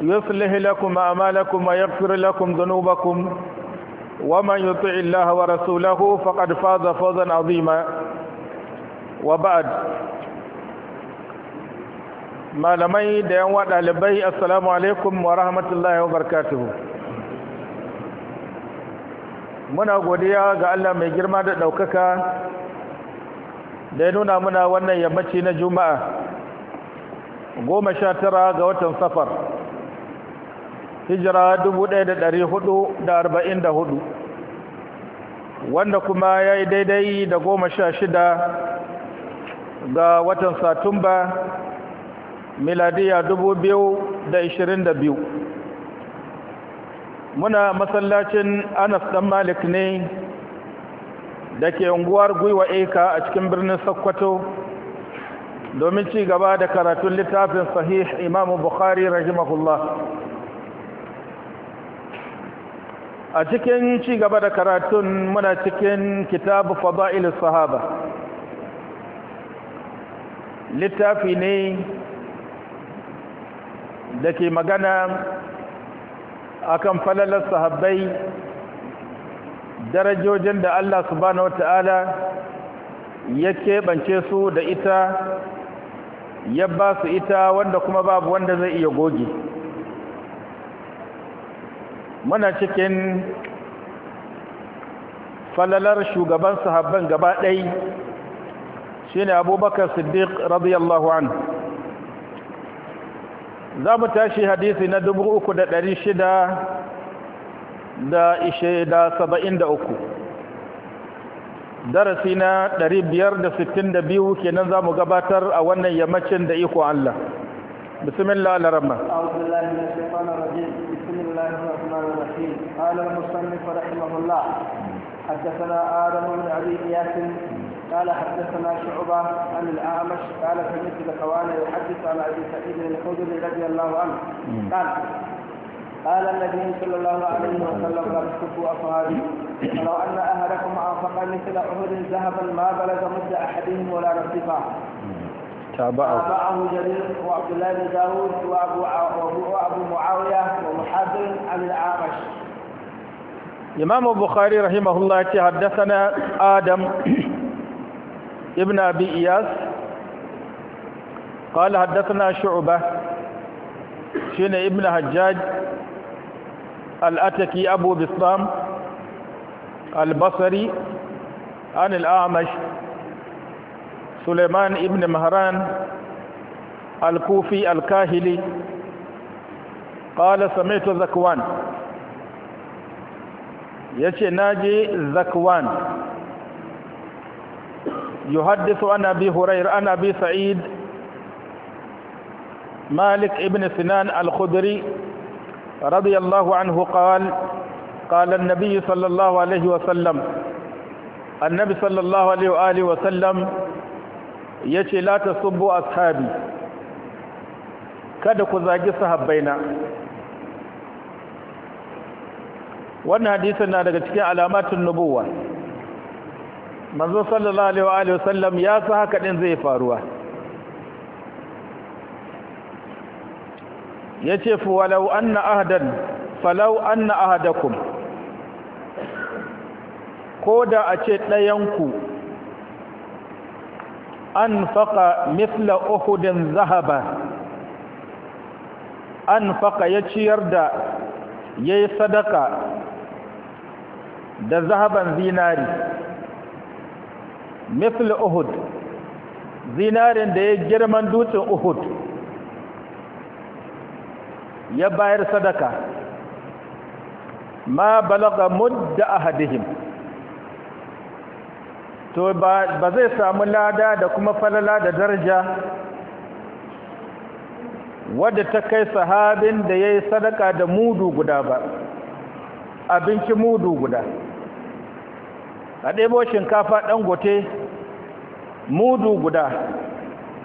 يصلح لكم أعمالكم ويغفر لكم ذنوبكم ومن يطع الله ورسوله فقد فاز فوزا عظيما وبعد malamai da yan wada libai assalamu alaikum wa rahmatullahi muna godiya ga Allah mai girma da ɗaukaka da ya nuna muna wannan yammaci na juma'a goma sha tara ga watan safar hijira 1444 wanda kuma ya yi daidai da goma sha shida ga watan satumba miladiya 2022 muna masallacin anas ɗan malik ne da ke unguwar gwiwa eka a cikin birnin sokoto domin ci gaba da karatun littafin sahih imamu bukhari rahimahullah a cikin ci gaba da karatun muna cikin kitabu fada'il sahaba littafi ne da ke magana akan falalar sahabbai darajojin da Allah subhanahu wata'ala ya keɓance su da ita ya ba su ita wanda kuma babu wanda zai iya goge muna cikin falalar shugaban sahabban gaba ɗai shi ne abubakar siddiq radiyallahu an za mu tashi hadisi na 3,673 darasi na 562 kenan za mu gabatar a wannan yammacin da iko Allah bismillah الله الرحمن الرحيم قال المصنف رحمه الله حدثنا آدم بن أبي إياس قال حدثنا شعبة عن الأعمش قال سمعت ذكوان يحدث عن أبي سعيد الخدري رضي الله عنه قال قال النبي صلى الله عليه وسلم لا تكفوا أصحابي ولو أن أهلكم أنفق مثل أحد ذهبا ما بلغ مد أحدهم ولا نصفه تابعه تابعه جرير وعبد الله بن داود وابو وابو معاويه ومحاضر عن الاعمش امام البخاري رحمه الله حدثنا ادم ابن ابي اياس قال حدثنا شعبه شين ابن حجاج الاتكي ابو بسام البصري عن الاعمش سليمان ابن مهران الكوفي الكاهلي قال سمعت زكوان يشي ناجي زكوان يحدث عن أبي هريرة عن أبي سعيد مالك ابن سنان الخدري رضي الله عنه قال قال النبي صلى الله عليه وسلم النبي صلى الله عليه وآله وسلم ya ce la ta subbo ashabi kada ku zagi sahabbaina wannan hadisin na daga cikin alamatun nubuwa manzo sallallahu alaihi wa sallam ya sa haka din zai faruwa yace fa walau anna ahadan falau anna ahadakum koda a ce dayan ku anfaqa mithla uhudin zahaba anfaqa ya ciyar da ya yi sadaka da zahaban zinari mithla uhud zinarin da ya girman dutsen uhud ya bayar sadaka ma balaga mudda ahadihim to ba zai samu lada da kuma falala da daraja wadda ta kai sahabin da ya yi sadaka da mudu guda ba abinci mudu guda a ɗebo shinkafa ɗangote mudu guda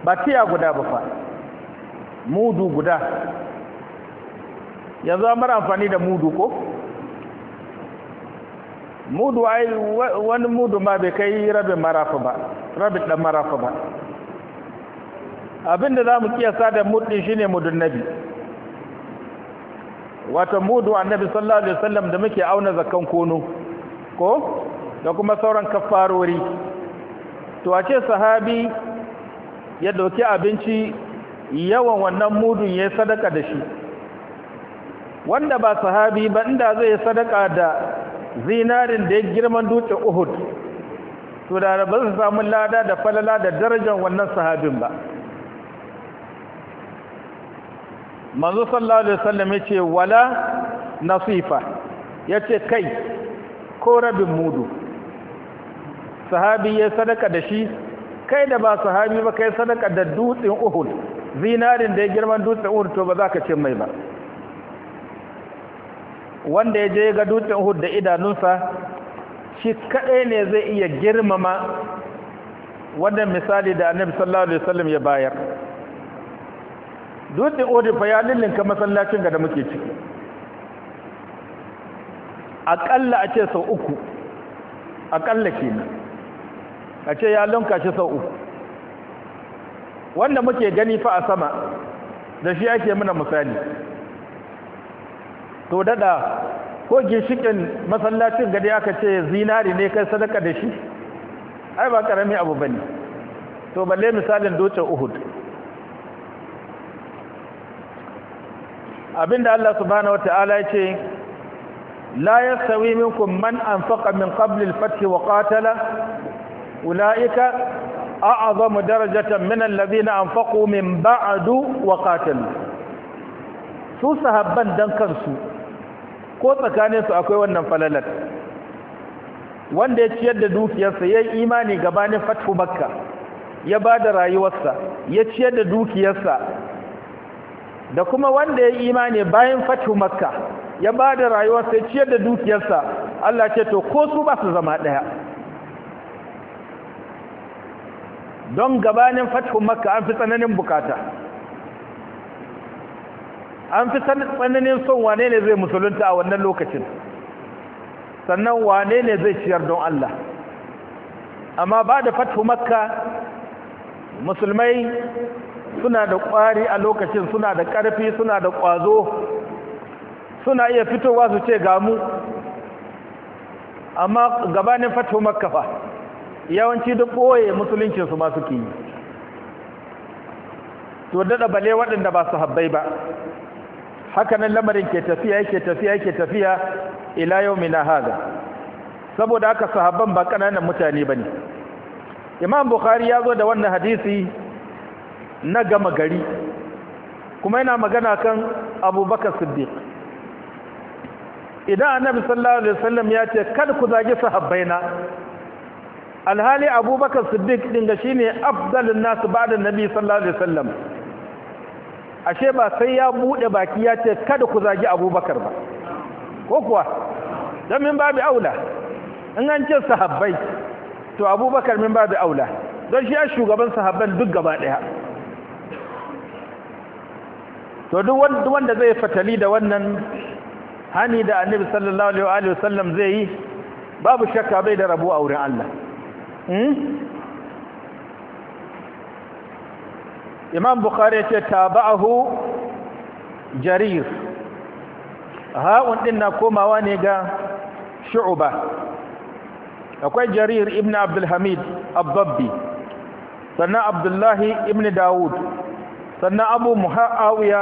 ba tiya guda ba fa mudu guda yanzu an amfani da mudu ko? mudu ai wani mudu ma bai kai rabin marafa ba rabin dan marafa ba abinda za mu kiyasa da mudin shine mudun nabi wato mudu annabi sallallahu alaihi wasallam da muke auna zakan kono ko da kuma sauran kafarori to a ce sahabi ya dauki abinci yawan wannan mudun ya sadaka da shi wanda ba sahabi ba inda zai sadaka da zinarin da ya girman dutsen uhud to da ba su samu lada da falala da darajar wannan sahabin ba manzo sallallahu alaihi wasallam yace wala nasifa yace kai ko rabin mudu sahabi ya sadaka da shi kai da ba sahabi ba kai sadaka da dutsen Uhud zinarin da ya girman dutsen Uhud to ba za ka ce mai ba wanda ya je ga dutsen Uhud da idanunsa shi kadai ne zai iya girmama wannan misali da Annabi sallallahu alaihi wasallam ya bayar dutsen Uhud fa ya lillinka masallacin da muke ciki akalla a ce sau uku akalla kenan a ce ya lunka shi sau uku wanda muke gani fa a sama da shi ake muna misali to dada ko ginshikin masallacin gari aka ce zinari ne kai sadaka da shi ai ba karami abu bane to balle misalin dutsen uhud abinda Allah subhanahu wataala ya ce la yastawi minkum man anfaqa min qabli al-fath wa qatala ulaika a'zamu darajatan min alladhina anfaqu min ba'du wa qatalu su sahabban dan kansu ko tsakaninsu akwai wannan falalar wanda ya ciyar da dukiyarsa ya yi imani gabanin fatu makka ya ba da rayuwarsa ya ciyar da dukiyarsa da kuma wanda ya yi imani bayan fatu makka ya ba da rayuwarsa ya ciyar da dukiyarsa Allah ce to ko su ba su zama ɗaya don gabanin fatu makka an fi tsananin bukata an fi tsananin son wane ne zai musulunta a wannan lokacin sannan wane ne zai ciyar don Allah amma ba da fatu makka musulmai suna da ƙwari a lokacin suna da ƙarfi suna da ƙwazo suna iya fitowa su ce gamu amma gabanin fatu makka fa yawanci duk ɓoye musuluncinsu ma suke yi to daɗa bale waɗanda ba su habbai ba haka nan lamarin ke tafiya yake tafiya yake tafiya ila na hada saboda haka sahabban ba kananan mutane bane Imam Bukhari ya zo da wannan hadisi na gama gari kuma yana magana kan Abubakar Siddiq idan Annabi sallallahu alaihi wasallam ya ce kad ku zagi sahabbaina alhali Abubakar Siddiq din ga shine afdalun nasu ba'da Nabi sallallahu alaihi wasallam ashe ba sai ya bude baki ya ce kada ku zagi abubakar ba ko kuwa don min babu aula in an ce sahabbai to abubakar min babu aula don shi ya shugaban sahabban duk gaba daya to duk wanda zai fatali da wannan hani da annabi sallallahu alaihi wa sallam zai yi babu shakka bai da rabu a wurin Allah hmm? imam bukhari ya ce taba'ahu jarir ha'un din na komawa ne ga shu'ba akwai jarir ibn Hamid abdabbi sannan abdullahi ibn dawud sannan abu muhawiya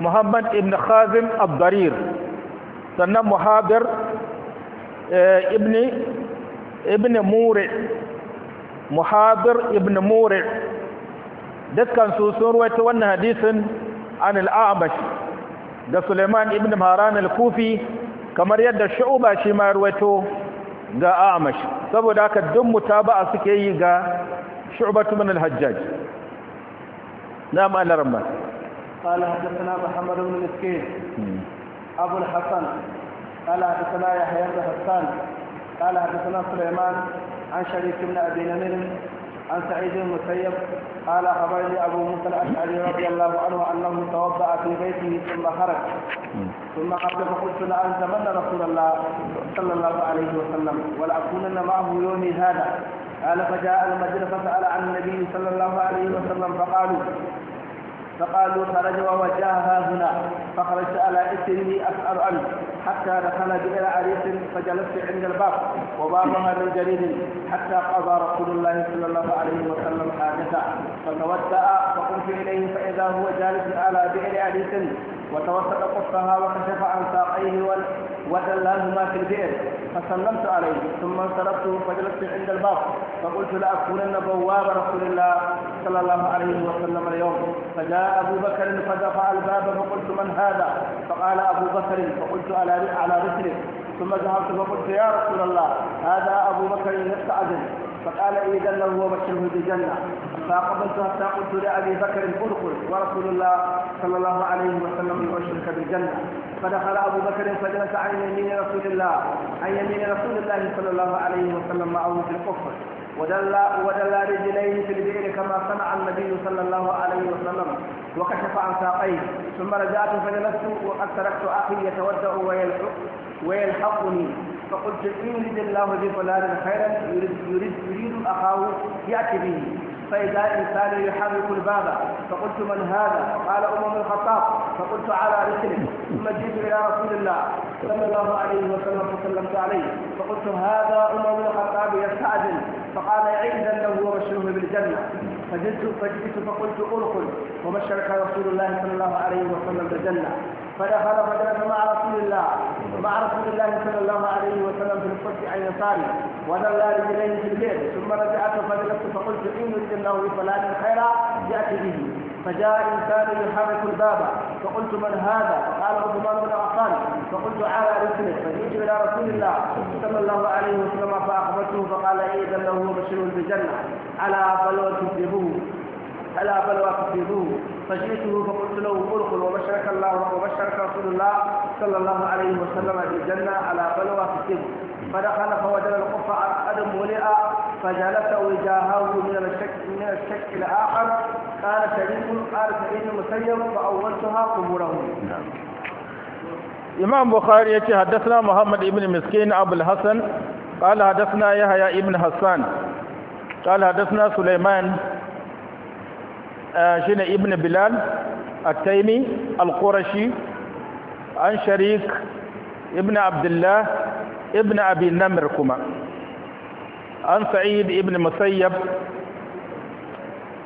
muhammad ibn khazim abdarir sannan muhabir eh, ibn ibn muri muhabir ibn muri Dukkansu su sun ruwaito wannan hadisin an al da Suleiman ibn Maran al-Kufi kamar yadda Shu'ba shi ma ruwaito ga A'mash saboda haka duk mutaba'a suke yi ga Shu'ba ibn al-Hajjaj na ma'anar ramma قال حدثنا محمد بن مسكين أبو الحسن قال حدثنا يحيى بن حسان قال حدثنا Suleiman An شريك بن أبي نمير عن سعيد بن المسيب قال خبرني أبو موسى الأشعري رضي الله عنه أنه توضأ في بيته ثم خرج ثم قبل فقلت لألزمن رسول الله صلى الله عليه وسلم ولأكونن معه يومي هذا قال فجاء المدينة فسأل عن النبي صلى الله عليه وسلم فقالوا فقالوا خرج ووجهها هنا فخرجت على اثره اسال عنه حتى دخل بئر عريس فجلست عند الباب وبابها من جليل حتى قضى رسول الله صلى الله عليه وسلم حادثه فتوسع فقمت اليه فاذا هو جالس على بئر عريس وتوسط قصها وكشف عن ساقيه ودلاهما في البئر فسلمت عليه ثم انصرفت فجلست عند الباب فقلت لاكونن بواب رسول الله صلى الله عليه وسلم اليوم فجاء ابو بكر فدفع الباب فقلت من هذا فقال ابو بكر فقلت على على رسله ثم ذهبت فقلت يا رسول الله هذا ابو بكر يستعجل فقال إذا له وبشره بالجنة فأقبلت حتى قلت لأبي بكر ادخل ورسول الله صلى الله عليه وسلم يبشرك بالجنة فدخل أبو بكر فجلس عن يمين رسول الله عن يمين رسول الله صلى الله عليه وسلم معه في الكفر ودل ودل رجليه في البئر كما صنع النبي صلى الله عليه وسلم وكشف عن ساقيه ثم رجعت فجلست وقد تركت اخي يتودع ويلحقني فقلت إن يريد الله فلان خيرا يريد, يريد, يريد أخاه يأتي به فإذا إنسان يحرك الباب فقلت من هذا قال أمم الخطاب فقلت على رسله ثم جئت إلى رسول الله صلى الله عليه وسلم فسلمت عليه فقلت هذا أمم الخطاب يستعجل فقال عيدا له وبشره بالجنة فجئت فجئت فقلت ادخل وبشرك رسول الله صلى الله عليه وسلم بالجنه فدخل فجلس مع رسول الله مع رسول الله صلى الله عليه وسلم في الفرس عن يساري ونلى رجليه في البيت ثم رجعت فجلست فقلت ان الجنه فلان خيرا ياتي به فجاء إنسان يحرك الباب فقلت من هذا فقال عثمان بن عفان فقلت على رسله فجئت إلى رسول الله صلى الله عليه وسلم فأخبرته فقال إيه إذا له بشر بالجنة على فلوى تكذبوه ألا بلوى تكذبوه فجئته فقلت له ادخل وبشرك الله وبشرك رسول الله صلى الله عليه وسلم بالجنة على بلوى تكذبوه فدخل فوجد القفة قد ملئ فجلس وجاهه من الشك من الشك الآخر قال سعيد قال سعيد المسيب فأولتها قبوره إمام بخاري يتي حدثنا محمد بن مسكين أبو الحسن قال حدثنا يحيى بن حسان قال حدثنا سليمان شين ابن بلال التيمي القرشي عن شريك ابن عبد الله ابن أبي نمر كما عن سعيد بن مسيب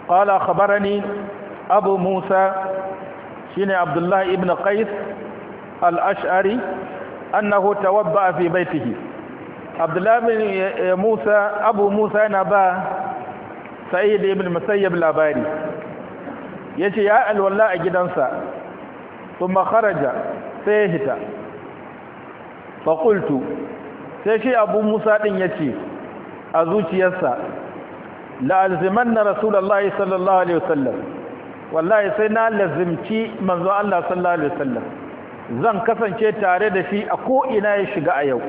قال أخبرني أبو موسى شين عبد الله بن قيس الأشعري أنه توبأ في بيته عبد الله بن موسى أبو موسى نبا سعيد بن مسيب الأباري يشي يا الولاء جدنسا ثم خرج سيهتا فقلت sai shi abu musa ɗin ya ce a zuciyarsa na rasulallah sallallahu alaihi wasallam wallahi sai na lazimci manzo Allah sallallahu alaihi wasallam zan kasance tare da shi a ko ina ya shiga a yau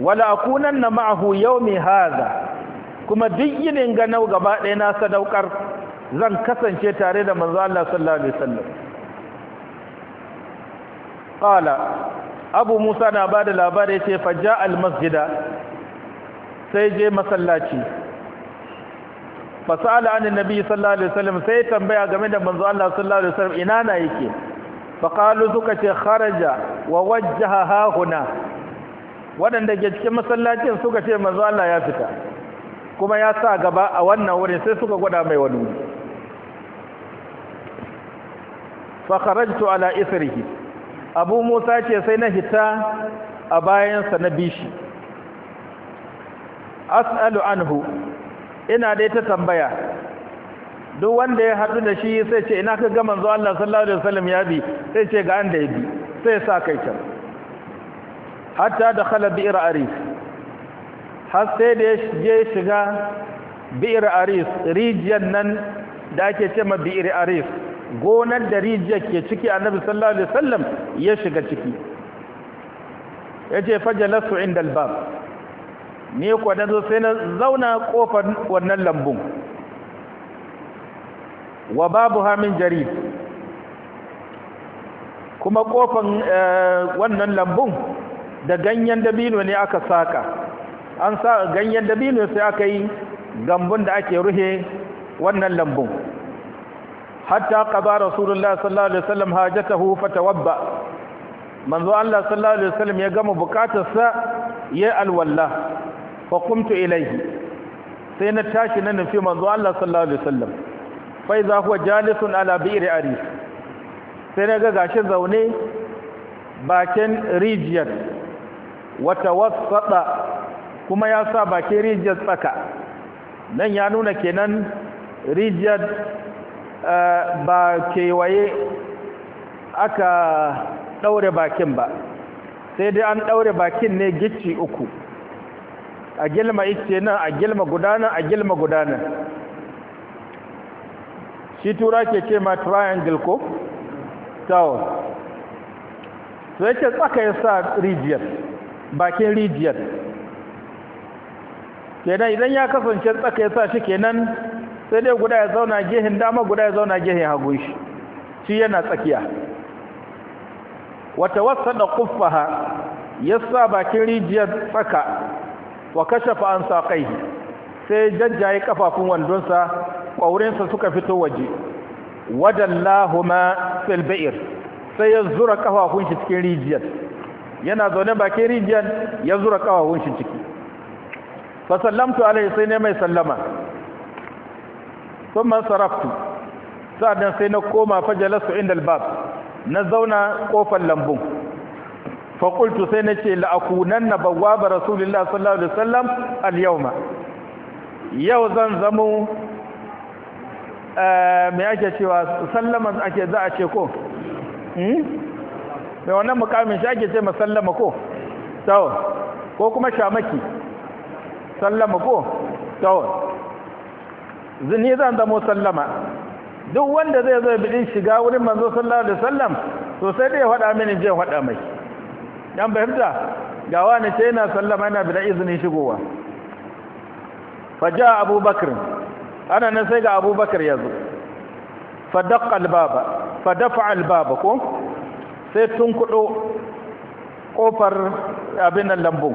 wala akunanna ma'ahu yawmi hadha kuma duk yinin ganau gaba ɗaya na sadaukar zan kasance tare da manzo Allah sallallahu alaihi wasallam qala abu musa na bada labari yace faja al masjida sai je masallaci fasala an nabi sallallahu alaihi wasallam sai tambaya game da manzo Allah sallallahu alaihi wasallam ina na yake faqalu suka ce kharaja wa wajjaha ha huna wadanda ke cikin masallacin suka ce manzo Allah ya fita kuma ya sa gaba a wannan wurin sai suka gwada mai wani fa kharajtu ala isrihi abu musa ce sai na hita a bayansa na bishi as'alu anhu ina dai ta tambaya duk wanda ya haɗu da shi sai ce ina ka ga manzo Allah sallallahu alaihi wasallam ya bi sai ce ga anda ya bi sai sa kai can hatta dakhala bi'r aris har sai da ya shiga bi'r aris rijiyar nan da ake ce ma bi'r aris gonar da rijiyar ke ciki annabi sallallahu alaihi wasallam ya shiga ciki yace fajalasu inda albab ni kuwa na zo sai na zauna kofar wannan lambun wa babu hamin jarid kuma kofan eh, wannan lambun da ganyen dabino ne aka saka an sa ganyen dabino sai aka yi gambun da ake ruhe wannan lambun hatta qaba rasulullah sallallahu alaihi wasallam hajatahu fatawabba manzo Allah sallallahu alaihi wasallam ya gama bukatarsa ya alwallah fa Ilaihi, sai na tashi na nufi manzo Allah sallallahu alaihi wasallam fa idza huwa jalisun ala bi'ri ari. sai na ga gashi zaune bakin rijiyar wata wasata kuma ya sa bakin rijiyar tsaka nan ya nuna kenan rijiyar eh, ba kewaye aka ɗaure bakin ba sai dai an ɗaure bakin ne gicci uku a gilma ice nan a gilma gudanar a gilma gudanar shi tura ke ce ma triangle ko tower to yake tsaka ya sa rijiyar bakin rijiyar kenan idan ya kasance tsaka ya sa shi kenan sai dai guda ya zauna gihin dama guda ya zauna gihin hagun shi shi yana tsakiya wata wasa da kuffaha ya sa bakin rijiyar tsaka wa kashafa an saqaihi sai jajjaye kafafun wandonsa ƙwaurinsa suka fito waje wadallahuma fil ba'ir sai ya zura kafafun shi cikin rijiyar yana zaune bakin rijiyar ya zura kafafun shi ciki fa sallamtu alaihi sai ne mai sallama thumma saraftu sa'adan sai na koma fajalasu inda albab na zauna kofar lambun faƙultu sai na ce la'akunan na ba rasulullah sallallahu alaihi wasallam al-yawma yau zan zamo eh, mai ake cewa sallama ake za a ce ko mai hmm? wannan mukamin shi ake ce masallama ko tawon ko kuma shamaki sallama ko tawon zini zan zamo sallama duk wanda zai zai bidin shiga wurin manzo sallallahu alaihi wasallam to sai dai faɗa mini je faɗa mai dan bayyana ga wani ce yana sallama yana bi da izinin shigowa faja abubakar ana nan sai ga abubakar ya zo fadaqa albaba fadafa albaba ko sai tun kudo kofar abin nan lambu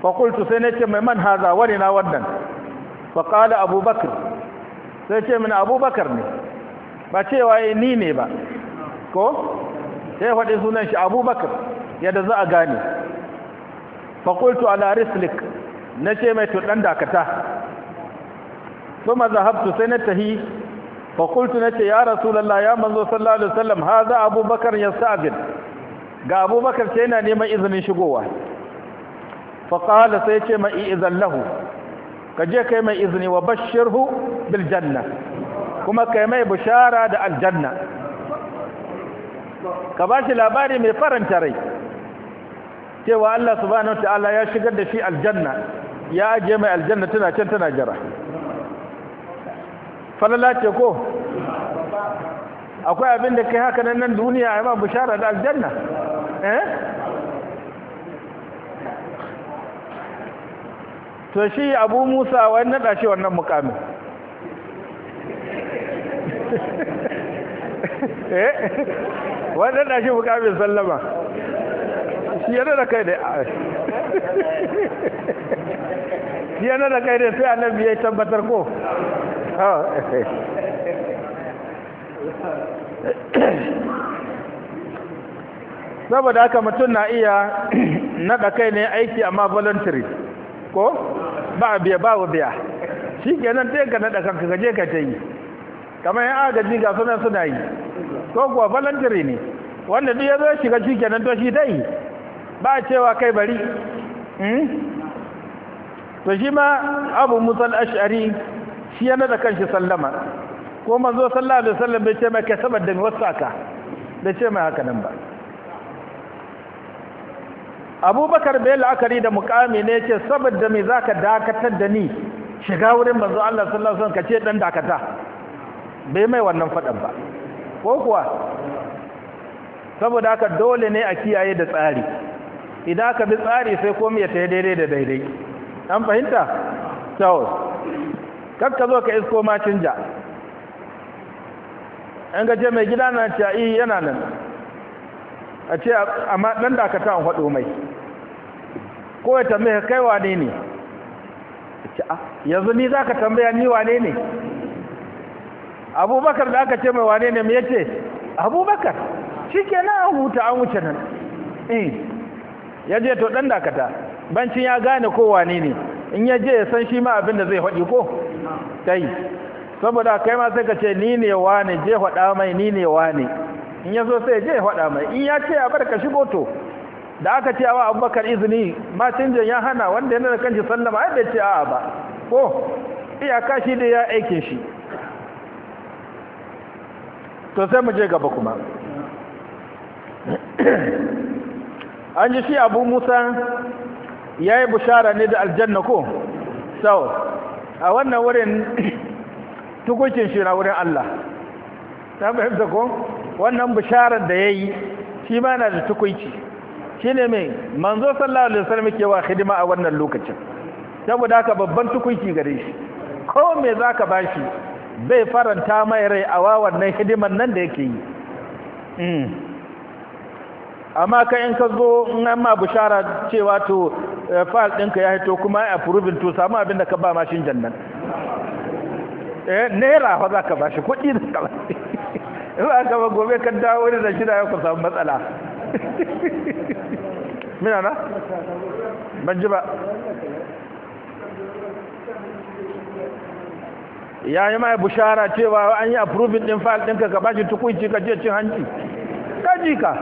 fa kultu sai ce mai man haza wani na wannan fa abubakar sai ce min abubakar ne ba cewa eh, ni ne ba ko sai faɗi sunan shi abubakar yadda za a gane faƙultu ala na ce mai tuɗan dakata kuma zahabtu sai na tahi faƙultu na ce ya rasulallah ya manzo sallallahu alaihi ha za abubakar ya sa'adin ga abubakar ce yana neman izinin shigowa faƙala sai ce mai izan lahu ka je kai mai izini wa bashirhu bil janna kuma kai mai bishara da aljanna ka ba shi labari mai faranta rai cewa Allah subhanahu wataala ya shigar da shi aljanna ya ajiye mai aljanna tana can tana jira falala ce ko akwai abin da kai haka nan duniya ya ma bishara da aljanna eh to shi abu musa wani naɗa shi wannan mukamin eh wani naɗa shi mukamin sallama yana da kai ne yana da kai dai sai annabi ya tabbatar ko saboda haka mutum na iya naɗa kai ne aiki amma voluntary ko ba a biya ba biya shi ke nan ta ka naɗa kanka gaje ka ta yi kamar yin agaji ga suna suna yi ko kuwa voluntary ne wanda duk ya zo shiga shi kenan to shi ta yi ba cewa kai bari hmm? to shi ma abu musal ash'ari shi yana da kanshi sallama ko manzo sallallahu alaihi wasallam bai ce mai kai saboda da wasaka da ce mai haka nan ba abubakar bai la'akari da mukami ne ce da mai zaka dakatar da ni shiga wurin manzo Allah sallallahu alaihi wasallam ka ce dan dakata bai mai wannan fadan ba ko kuwa saboda haka dole ne a kiyaye da tsari idan aka bi tsari sai komai ya ta daidai da daidai an fahimta taos. kakka zo ka isko ma canja an gaje mai gida na ce yi yana nan a ce amma ɗan dakata an haɗo mai ko ya tambaya kai wane ne ah, yanzu ni za ka tambaya ni wane ne abubakar da aka ce mai wane ne mai yace abubakar shi ke na an huta an wuce nan eh. ya je to dan dakata bancin ya gane ko wane ne in ya je ya san shi ma abin da zai haɗi ko tai saboda kai ma sai ka ce ni ne wane je faɗa mai ni ne wane in ya zo sai je ya mai in ya ce a bar ka shigo to da aka ce wa abubakar izini matinjan ya hana wanda yana da kanci sallama ai bai ce a'a ba ko iyaka shi da ya aike shi to sai mu je gaba kuma an ji shi abu musa ya yi bushara ne da aljanna ko sau a wannan wurin tukukin shi na wurin Allah ta fahimta ko wannan bisharar da ya yi shi ma na da tukunci shi ne mai manzo sallallahu alaihi wasallam ke wa hidima a wannan lokacin saboda haka babban tukunci gare shi ko me zaka bashi Bai faranta mai rai a nan hidiman nan da yake yi hmm. amma ka in ka zo in an ma bishara cewa to eh, fal ɗinka ya hito kuma a furubin to samu abin da ka ba mashin jannan eh naira fa za ka ba shi kuɗi da ka ba za ka ba gobe ka dawo da shida ya ku samu matsala mina na ban ji ba ya yi mai bushara cewa an yi approving din fal ɗinka ka bashi tukunci ka je cin hanci ka ji ka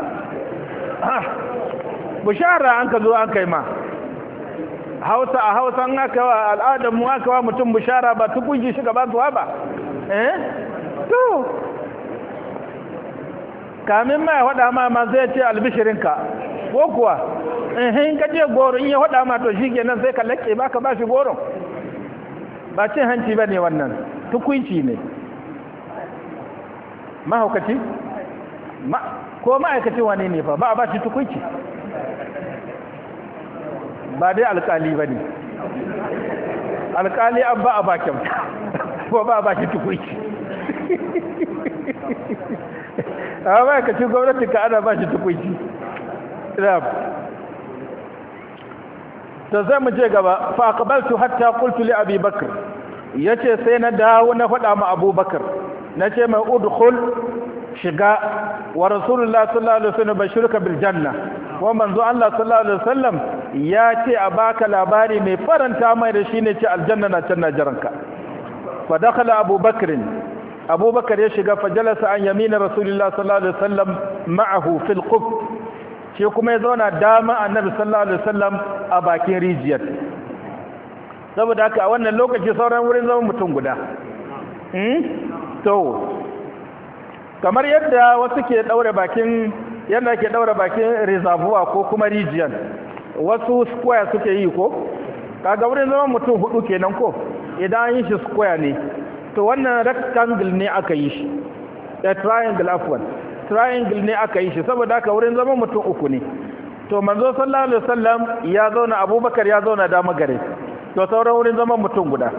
bushara an ka zo an kai ma hausa a hausa an aka wa al'adar mu aka wa mutum bushara ba tukunji shiga ba zuwa ba eh to kamin ma ya hada ma ma zai ce albishirinka ko kuwa eh, in ka je goro in ya hada ma to shi kenan sai ka lakke ba ka ba shi goron ba cin hanci ba ne wannan tukunci ne mahaukaci ma ko ma'aikacin wane ne fa ba a ba shi tukunci ba dai alkali ba ne alkali an ba a bakin ko ba a ba shi tukunci amma ma'aikacin gwamnati ka ana ba shi tukunci ta zai mu je gaba fa aqbaltu hatta qultu li abi bakr yace sai na dawo na faɗa ma abubakar nace mai udkhul shiga wa rasulullah sallallahu alaihi wasallam bashirka bil janna wa manzo Allah sallallahu alaihi wasallam ya ce a baka labari mai faranta mai da shine ce aljanna na canna jaranka. fa dakhala abubakar abubakar ya shiga fa jalasa an yamina rasulullah sallallahu alaihi wasallam ma'ahu fil qub shi kuma ya zauna dama annabi sallallahu alaihi wasallam a bakin rijiyar saboda haka a wannan lokaci sauran wurin zama mutum guda hmm? to kamar yadda wasu ke daure bakin yadda ke daure bakin reservoir ko kuma region wasu square suke yi ko kaga wurin zaman mutum hudu kenan ko idan yin shi square ne to wannan rectangle ne aka yi shi a eh, triangle afwan triangle ne aka yi shi saboda haka wurin zaman mutum uku ne to manzo sallallahu alaihi wasallam ya zauna abubakar ya zauna dama gare to sauran wurin zaman mutum guda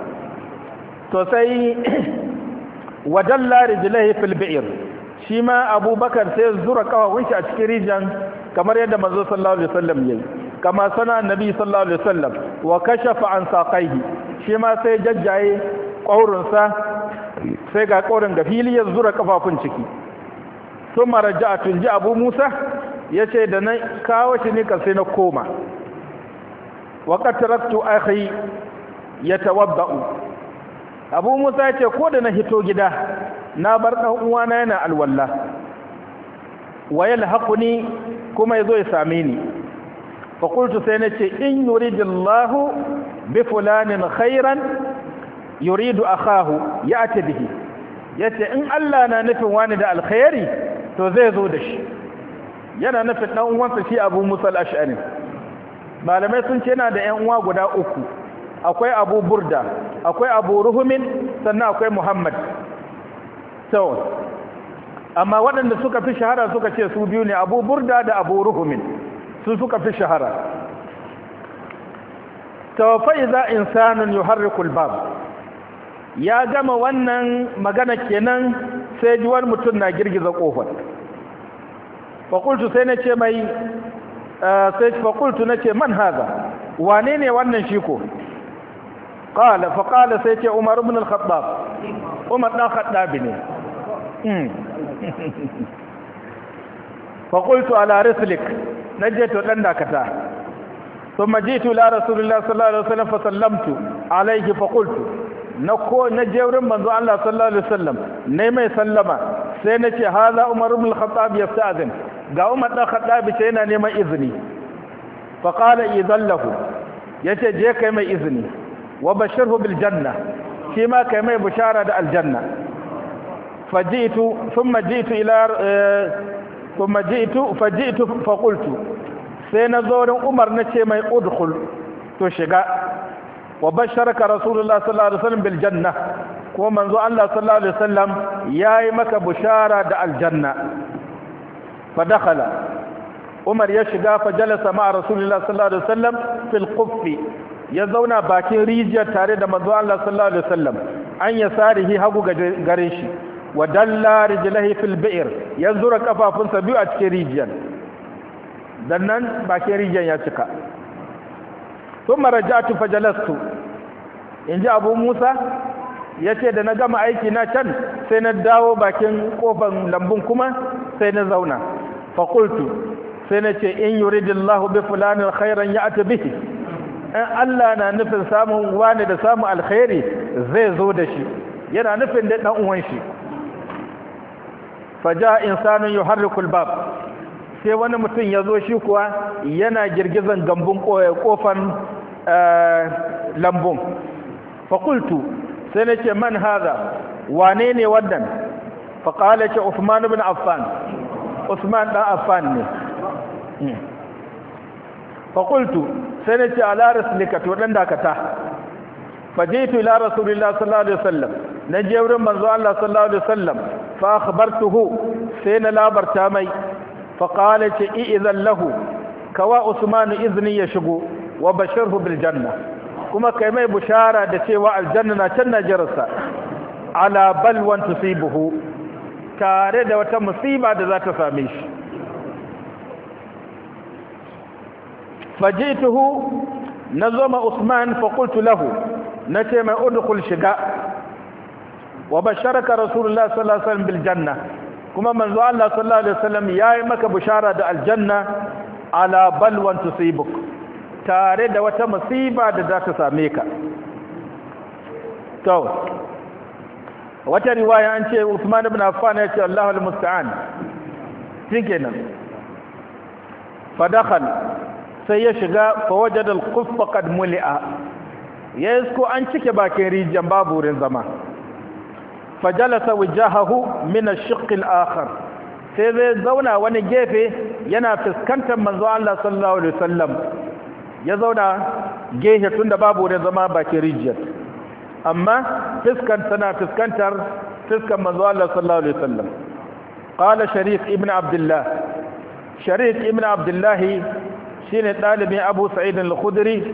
to sai wadalla rijlaihi fil bi'r shi ma abubakar sai zura kawawun shi a cikin rijiyan kamar yadda manzo sallallahu alaihi wasallam yayi kama sana annabi sallallahu alaihi wasallam wa kashafa an saqaihi shi ma sai jajjaye ƙaurinsa sai ga ƙaurin ga fili ya zura kafafun ciki sun maraja tun ji abu musa ya ce da na kawo shi ne sai na koma waƙatarattu akhi ya tawabba'u abu musa ya ce ko da na hito gida na bar ɗan uwana yana alwalla wa yalhaquni kuma yazo ya same ni fa sai na ce in Allahu bi fulanin khairan yuridu akahu ce bihi yace in Allah na nufin wani da alkhairi to zai zo da shi yana nufin dan uwansa shi Abu Musa al malamai sun ce yana da ƴan guda uku akwai Abu Burda akwai abu ruhumin sannan akwai muhammad so amma waɗanda suka fi shahara suka ce su biyu ne abu burda da abu ruhumin su suka fi shahara za fa'iza sanin yuharrikul bab ya gama wannan magana kenan sai ji wani mutum na girgiza kofar fakultu sai na ce mai eh, sai fakultu na ce man haza wane ne wannan shi ko qala fa qala sai ce umar ibn al-khattab umar dan khattabi ne hmm. fa qultu ala rislik naje to dan dakata thumma jitu ila rasulillah sallallahu alaihi wasallam fa sallamtu alayhi fa qultu na ko je wurin manzo Allah sallallahu alaihi wasallam ne mai sallama sai nace haza umar ibn al-khattab yasta'zin ga umar dan khattabi sai yana neman izini fa qala idallahu yace je kai mai izini وبشره بالجنة كما كما بشارة الجنة فجئت ثم جئت إلى آه، ثم جئت فجئت فقلت سينظر عمر نشي ما يدخل تشغى وبشرك رسول الله صلى الله عليه وسلم بالجنة ومن ذو الله صلى الله عليه وسلم يا إمك بشارة دع الجنة فدخل عمر يشغى فجلس مع رسول الله صلى الله عليه وسلم في القف ya zauna bakin rijiyar tare da manzo Allah sallallahu alaihi wasallam an ya sarihi hagu garin shi wa dalla rijlahi fil bi'r yanzura zura kafafunsa biyu a cikin rijiyar dan nan bakin rijiyar ya cika thumma raja'tu fajalastu inji Abu Musa yace da na gama aiki na can sai na dawo bakin kofar lambun kuma sai na zauna fa qultu sai na ce in yuridillahu bi fulanin khairan ya'ti bihi in Allah na nufin samun wani da samun alkhairi zai zo da shi yana nufin da ɗan uwan shi faja insanun yuharrikul bab sai wani mutum ya zo shi kuwa yana girgizan gambun kofan eh, lambun fakultu sai na ce man haza wane ne wannan faƙala ce usman ibn affan usman ɗan affan ne hmm. fakultu sai na ce ala rasulika to dan dakata fajitu ila rasulillah sallallahu alaihi wasallam na je wurin manzo Allah sallallahu alaihi wasallam fa akhbartuhu sai na labarta mai fa qala ce, idzan lahu kawa usman izni ya shigo wa bashirhu bil janna kuma kai mai bushara da cewa aljanna na can najarsa ala balwan tusibuhu tare da wata musiba da za ta same shi tuhu na zoma Usman faqultu lahu natema udkhul shiqa wa basharaka Rasulullah sallallahu alaihi wasallam bil janna kuma manzo Allah sallallahu alaihi wasallam yayi maka bishara da aljanna janna ala balwan tare da wata masiba da za ta same ka to wata riwaya an ce Uthman ibn Affan ya ce Allahu al-musta'an shikenan fa dakhala sai ya shiga fawajada al-quffa qad muli'a ya yi suko an cike bakin rijiyar babu wurin zama fajalasa wajahahu min ash-shiqq akhar sai zai zauna wani gefe yana fuskantar manzo Allah sallallahu alaihi wasallam ya zauna gehe da babu wurin zama bakin rijiyar amma fuskan tana fuskantar fuskan manzo Allah sallallahu alaihi wasallam qala sharif ibn abdullah sharif ibn abdullah Shi ne ɗalibin Abu sa'idin al khudiri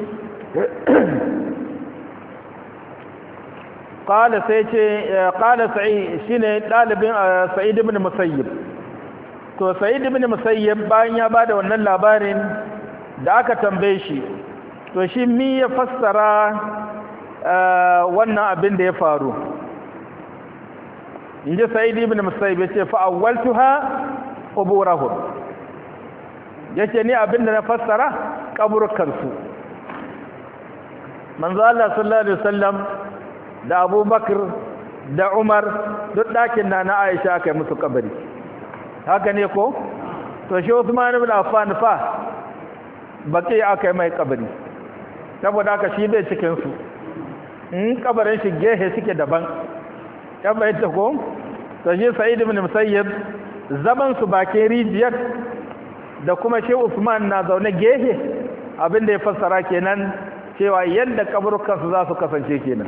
ƙala sai ce eh, qala Sa'id shine dalibin eh, Sa'id ibn Musayyib to sa'idin ibn Musayyib bayan ya ba da wannan labarin da aka tambaye shi to shi mi ya fassara eh, wannan abin da ya faru ji Sa'id ibn Musayyib ya ce fa awwaltuha quburahum yace ni abinda na fassara kaburkansu manzo Allah sallallahu alaihi wasallam da Abubakar da Umar duk ɗakin na na Aisha kai musu kabari haka ne ko to shi Uthman ibn Affan fa baki akai mai kabari saboda haka shi bai cikinsu. su in kabarin shi gehe suke daban yan ta ko to shi Sa'id ibn Musayyib zaman su bakin rijiyar da kuma shi Usman na zaune gehe abinda ya fassara kenan cewa yadda kaburkansu za su kasance kenan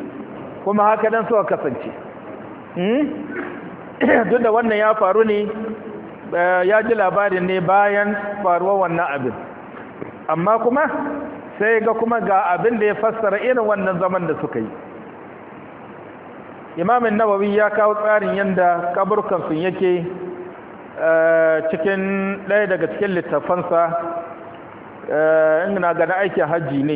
kuma haka dan suka kasance hmm? duk da wannan ya faru ne eh, ya ji labarin ne bayan faruwar wannan abin amma kuma sai ga kuma ga abin da ya fassara irin wannan zaman da suka yi imamin nawawi ya kawo tsarin yadda kaburkansu yake Eh, cikin ɗaya daga cikin littafansa eh, ina ga na aikin hajji ne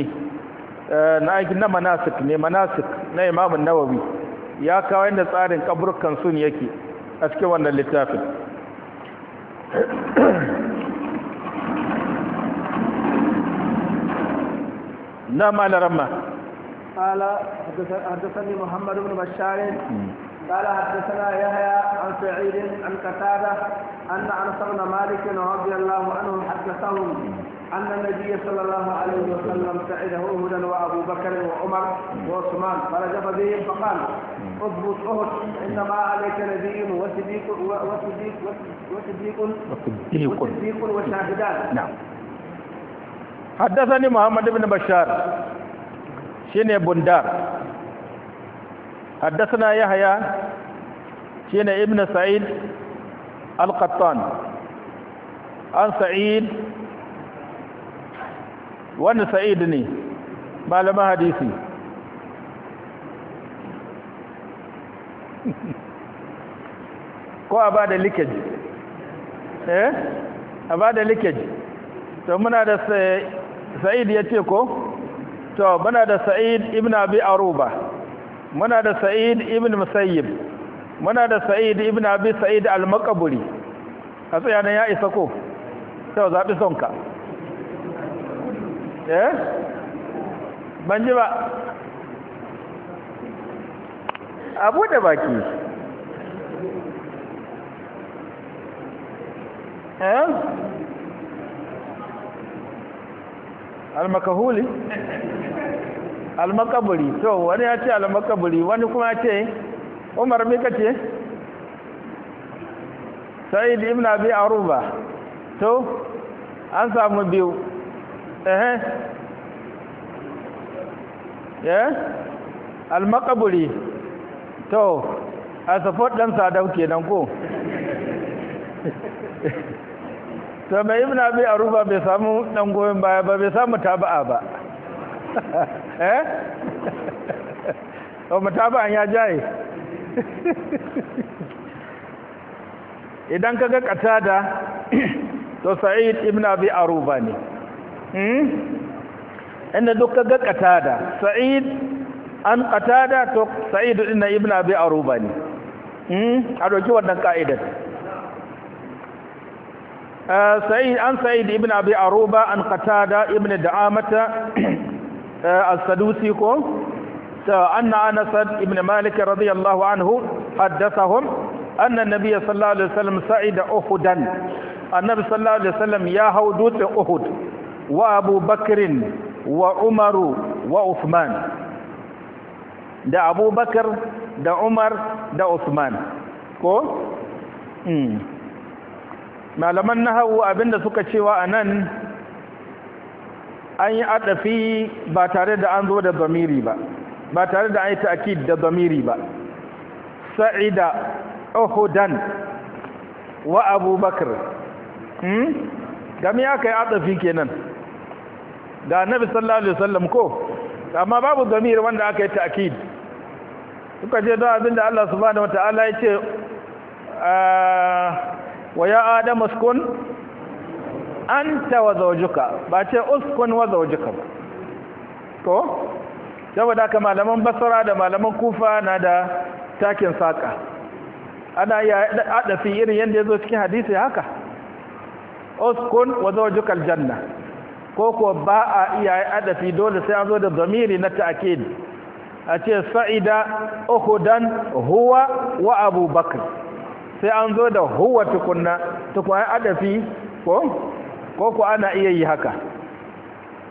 eh, na aikin na manasik ne manasik na imamun nawawi ya kawo inda tsarin kaburkan sun yake a cikin wannan littafin na malaramma ala حدثني Muhammadu bin بشار hmm. قال حدثنا يحيى عن سعيد عن قتادة أن أنس بن مالك رضي الله عنه حدثهم أن النبي صلى الله عليه وسلم سعده هدى وأبو بكر وعمر وعثمان فرجف بهم فقال اضبط أهد إنما عليك نبي وصديق وصديق وصديق وصديق وصديق وشاهدان نعم حدثني محمد بن بشار شيني بندار حدثنا يحيى شين ابن سعيد القطان عن سعيد وان سعيدني معلم حديثي ko a ba da likeji eh a ba da likeji to muna da sa'id ya ce ko to muna da sa'id ibn abi aruba muna da sa'id ibn musayyib muna da sa'id ibn abi sa'id al-maqburi a tsaya nan ya isa ko sai wa zabi sonka eh ban ji ba abu da baki eh al-makahuli almakaburi to wani ya ce almakaburi wani kuma ya ce umar me kace sa'id ibn abi aruba to an samu biyu eh eh almakaburi to a support dan sadau kenan ko to mai ibn abi aruba bai samu dan goyen baya ba bai samu tabi'a ba eh o oh, mutaba'an ya jaye idan ga qatada to sa'id ibn abi aruba ne hmm inda duk ka ga qatada sa'id an qatada to sa'id ibn abi aruba ne hmm a doki wannan ka'idar eh, Sa'id an سعيد ibn Abi Aruba an قتادة ibn da’amata السدوسي كو أن أنس بن مالك رضي الله عنه حدثهم أن النبي صلى الله عليه وسلم سعد أحدا النبي صلى الله عليه وسلم يا هودوت أحد وأبو بكر وعمر وعثمان دا أبو بكر دا عمر دا عثمان كو مم. malaman nahawu abinda suka cewa anan an yi adafi ba tare da an zo da zamiri ba ba tare da an yi ta'kid da zamiri ba sa'ida uhudan wa abubakar hmm game ya kai adafi kenan ga bi sallallahu alaihi wasallam ko amma babu zamiri wanda aka yi ta'kid suka je da abinda Allah subhanahu wataala ya ce ah, wa ya adamu uskun anta wa zawjuka ba ce uskun wa zawjuka ba to saboda haka malaman basara da malaman kufa na da takin saka ana iya adafi irin yadda yazo cikin hadisi haka uskun wa zawjuka aljanna ko ko ba a iya adafi dole sai an zo da zamiri na ta'kid a ce sa'ida uhudan huwa wa abubakar sai an zo da huwa tukunna ai adafi ko ko ku ana iya yi haka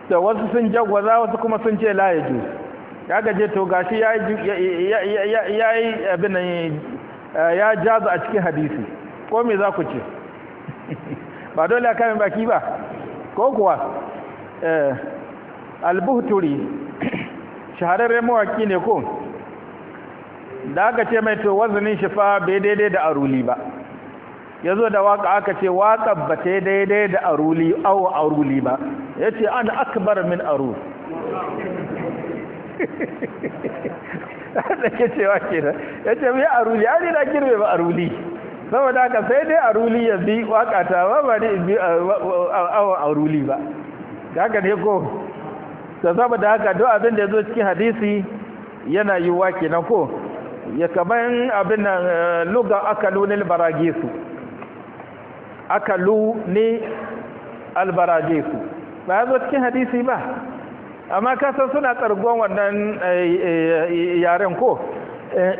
da wasu sun jagwaza wasu kuma sun ce la ya ju ya gaje to gashi ya yi abin eh, ya jazu a cikin hadisi ko me za ku ce ba dole a kamin baki ba ko kuwa eh, albuhturi shahararren mawaki ne ko da aka ce mai to wazanin shi fa bai daidai da aruli ba ya zo da waka aka ce waka ba ta daidai da aruli au aruli ba ya ce an akbar min aru da ke cewa ke nan ya ce mai aruli ya ne na girbe ba aruli saboda haka sai dai aruli ya bi waka ta ba ba ne bi awon aruli ba da haka ne ko da saboda haka duk abin da ya zo cikin hadisi yana waki na ko ya kamar abin nan eh, lugar akalunil baragisu akalu ni ba ya zo cikin hadisi ba amma kasan suna tsargon wannan eh, eh, yaren ko eh,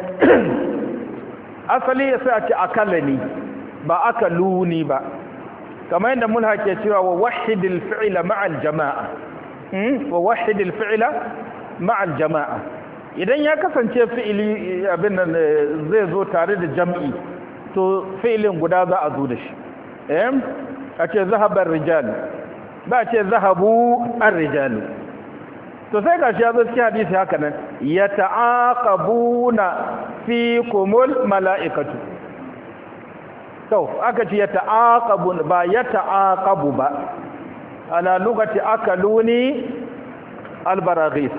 asali ya sa ce ni ba akalu ni ba kamar yadda mulha ke cewa wa wahidil fi'ila ma'al jama'a hmm? wa wahidil fi'ila ma'al jama'a idan ya kasance fi'ili abin nan zai zo tare da jam'i to fi'ilin guda za a zo da shi a ce zahabar rijal ba ce zahabu an rijal to sai gashi ya zo cikin hadisi haka nan ya ta'aqabuna fi kumul mala'ikatu to aka ce ya ta'aqabun ba ya ta'aqabu ba ala lugati akaluni albaraghis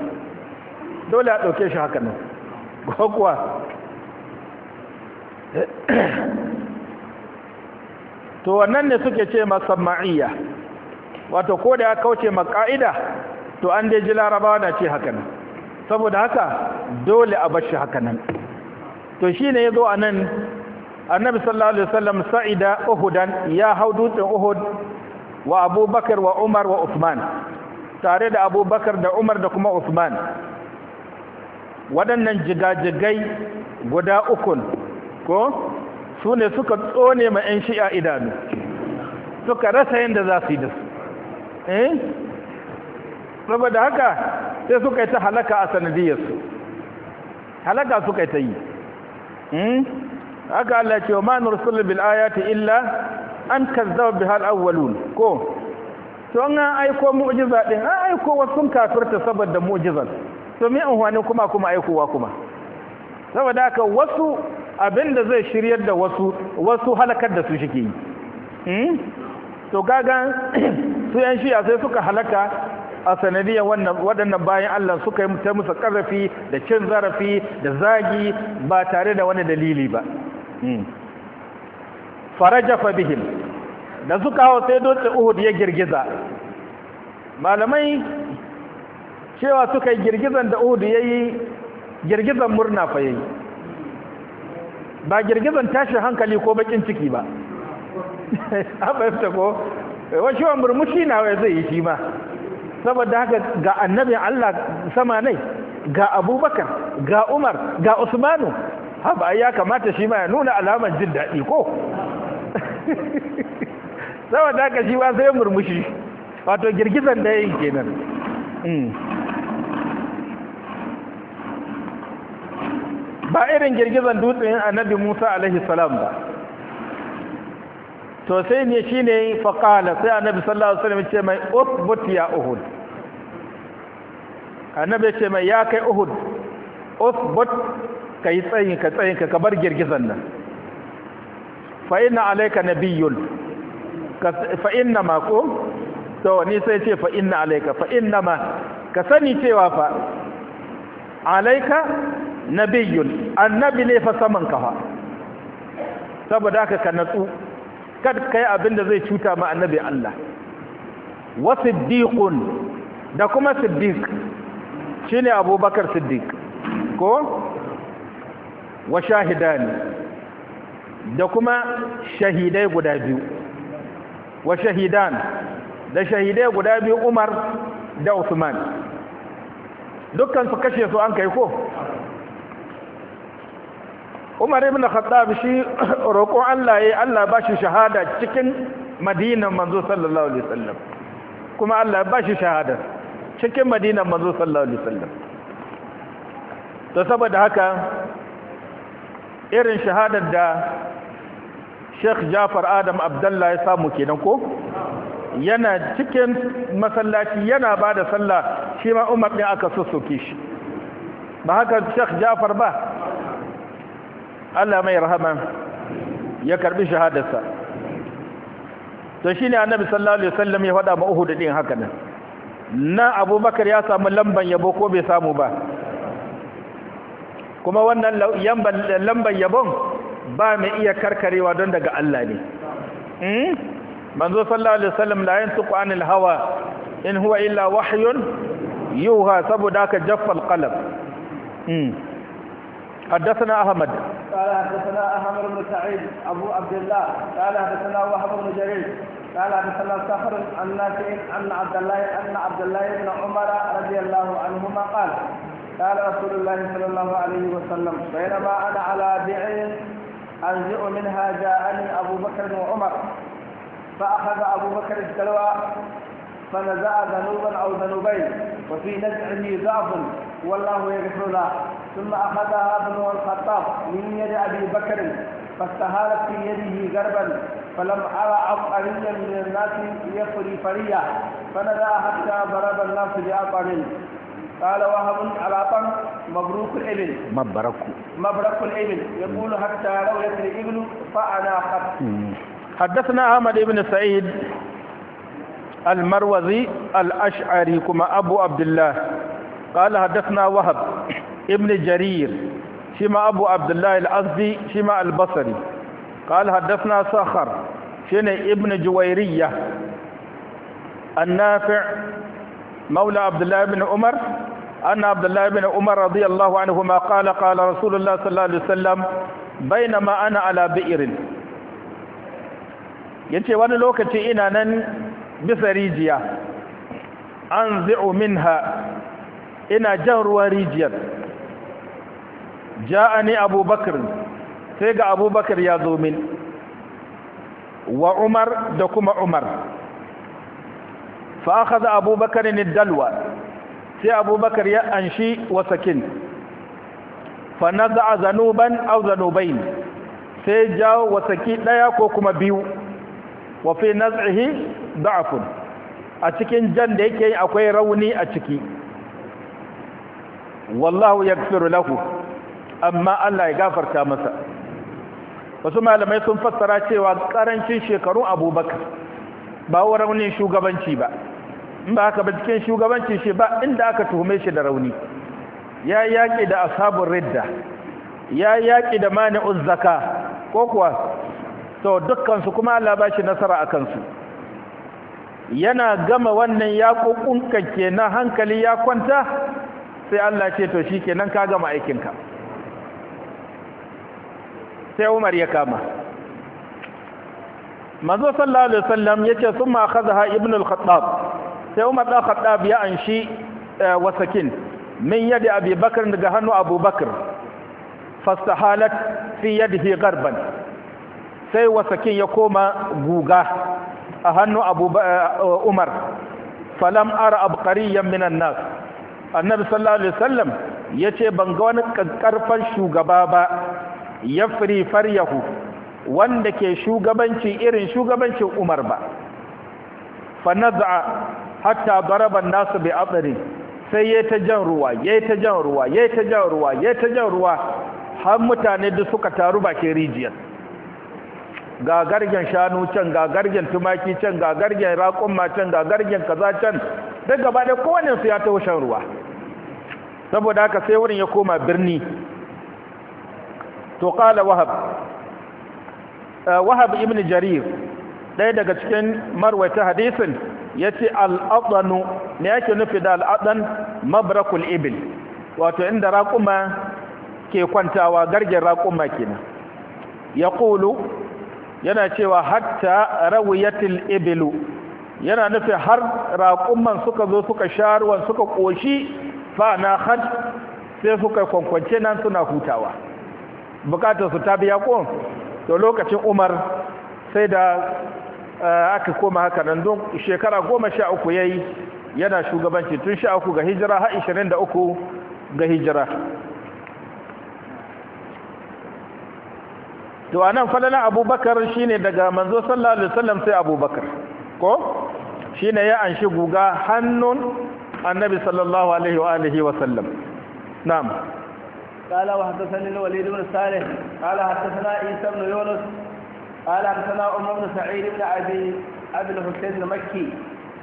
dole a dauke shi haka nan gogwa kuwa to wannan ne suke ce ma ma'iyya wato ko da ya kauce ka'ida to an dai ji larabawa na ce haka nan saboda haka dole a bashi haka nan to shi ne ya zo a nan annabi sallallahu alaihi wasallam sa'ida uhudan ya hau dutsen uhud wa abubakar wa umar wa usman tare da abubakar da umar da kuma usman waɗannan jigajigai guda ukun ko su ne suka tsone ma 'yan shi'a idanu suka rasa yadda za su yi da su eh saboda haka sai suka yi ta halaka a sanadiyarsu halaka suka yi ta yi hmm? haka Allah ce wa ma nursulul bil ta illa an kazzaba bihal awwalun ko to an aiko mu'jiza din an aiko wasu kafirta saboda mu'jizan to me an wani kuma kuma aikowa kuma saboda haka wasu Abin da zai shiryar da wasu wasu halakar da su shike yi hmm? to kaga su yan shiya sai suka halaka a sanadiyar waɗannan bayan Allah suka yi ta musa ƙarfi da cin zarafi da zagi ba tare da wani dalili ba hmm. faraja fabihim da suka hau sai dutse uhud ya girgiza malamai cewa suka yi girgizan da uhud ya yi girgizan murna fa yayi ba girgizan tashin hankali ko bakin ciki ba an fahimta ko wasu wa murmushi na wai zai yi shi ma saboda haka ga annabi Allah sama nai ga abubakar ga umar ga usmanu haba ya kamata shi ma ya nuna alamar jin daɗi ko saboda haka shi ma sai murmushi wato girgizan da yin kenan hmm. ba irin girgizan dutsen annabi Musa alaihi salam ba to sai ne shine faqala sai annabi sallallahu alaihi wasallam ce mai uthbut ya uhud annabi ce mai ya kai uhud uthbut kai tsayin ka tsayin ka bar girgizan nan fa inna alayka nabiyyun fa inna ma ko to ni sai ce fa inna alayka fa inna ma ka sani cewa fa alaika nabiyyun annabi ne fa saman ka fa saboda haka ka natsu kad kai abin da zai cuta ma annabi Allah wa siddiqun da kuma siddiq shine abubakar siddiq ko wa shahidani da kuma shahidai guda biyu wa shahidan da shahidai guda biyu Umar da Usman. dukkan su kashe su an kai ko umar ibn khattab shi roƙon Allah yayi Allah ba shi shahada cikin madinan manzo sallallahu alaihi wasallam kuma Allah ba shi shahada cikin madinan manzo sallallahu alaihi wasallam to saboda haka irin shahadar da Sheikh Jafar Adam Abdullah ya samu kenan ko yana cikin masallaci yana ba da sallah shi ma umar ɗin aka sussuke shi ba haka shek jafar ba allah mai rahama ya karbi shahadarsa to ne annabi sallallahu alaihi wasallam ya faɗa ma uhud ɗin haka nan na abubakar ya samu lamban yabo ko bai samu ba kuma wannan lamban yabon ba mai iya karkarewa don daga allah ne hmm? manzo sallallahu alaihi wasallam la yantiqu anil hawa in huwa illa wahyun yuha saboda ka jaffa alqalb حدثنا احمد قال حدثنا احمد بن سعيد ابو عبد الله قال حدثنا وهب بن جرير قال حدثنا سفر عن نافع ان عبد الله ان عبد الله بن عمر رضي الله عنهما قال قال رسول الله صلى الله عليه وسلم بينما انا على بئر انزئ منها جاءني ابو بكر وعمر فأخذ أبو بكر السلوى فنزع ذنوبا أو ذنوبين وفي نزعه ضعف والله يغفر له ثم أخذها ابن الخطاب من يد أبي بكر فاستهالت في يده غربا فلم أرى عبقريا من الناس يفري فريا فنزع حتى ضرب الناس بعقل قال وهب على طن مبروك الابل مبرك مبرك الابل يقول حتى لو يدري ابن فأنا قد حدثنا أحمد بن سعيد المروزي الأشعري كما أبو عبد الله قال حدثنا وهب ابن جرير شما أبو عبد الله الأزدي شما البصري قال حدثنا سخر شن ابن جويرية النافع مولى عبد الله بن عمر أن عبد الله بن عمر رضي الله عنهما قال قال رسول الله صلى الله عليه وسلم بينما أنا على بئر yace wani lokaci ina nan bisa rijiya an zi'u minha ina jan ruwan rijiyar ja'ani abubakar sai ga abubakar ya zo min wa umar da kuma umar fa akhadha abubakar ni dalwa sai abubakar ya anshi wasakin fa naza'a zanuban aw zanubain sai jawo wasaki daya ko kuma biyu wa fi naz'ihi da'fun a cikin jan da yake akwai rauni a ciki wallahu yaghfiru lahu amma Allah ya gafarta masa wasu malamai sun fassara cewa karancin shekaru abubakar ba wa raunin shugabanci ba in ba haka ba cikin shugabanci shi ba inda aka tuhume shi da rauni ya yaƙi da asabun ridda ya yaƙi da mani'uz zaka ko kuwa to dukkansu kuma Allah ba shi nasara a kansu yana gama wannan ya kenan hankali ya kwanta sai Allah ce to shi kenan ka gama aikinka sai Umar ya kama manzo sallallahu alaihi wasallam yace summa khadha ibn al-khattab sai Umar da khattab ya anshi eh, wasakin min yadi Abubakar daga hannu abubakar fastahalat fi yadihi garban sai wasakin ya koma guga a hannu abu eh, umar falam ara 'yan minan nas annabi sallallahu alaihi wasallam ce ban ga wani karfan shugaba ba yafri yahu. wanda ke shugabanci irin shugabancin Umar ba fa za'a hatta baraban nasu nas bi sai ya ta jan ruwa ya ta jan ruwa ya ta jan ruwa ya ta jan ruwa har mutane da suka taru bakin rijiyar ga gargen shanu can ga gargen tumaki can ga gargen raƙumma can ga gargen kaza can duk gaba da kowanne su ya taho shan ruwa saboda haka sai wurin ya koma birni to qala wahab eh, wahab ibn jarir ɗaya daga cikin marwata hadisin ya ce adanu ne yake nufi da al mabrakul ibil wato inda raƙuma ke kwantawa gargen raƙuma kenan yaqulu yana cewa hatta rawiyatul ibilu yana nufin har raƙumman suka zo suka sharuwan suka koshi fa na khat sai suka kwankwance nan suna hutawa bukatar su ta biya ko to lokacin umar sai da eh, aka koma haka nan don shekara goma sha yayi yana shugabanci tun sha ga hijira har 23 ga hijira to anan falalan abubakar shine daga manzo sallallahu alaihi wasallam sai abubakar ko shine ya anshi guga hannun annabi sallallahu alaihi wa alihi wa sallam na'am قال وحدثني الوليد بن صالح قال حدثنا عيسى بن يونس قال حدثنا عمر بن سعيد بن ابي ابي الحسين المكي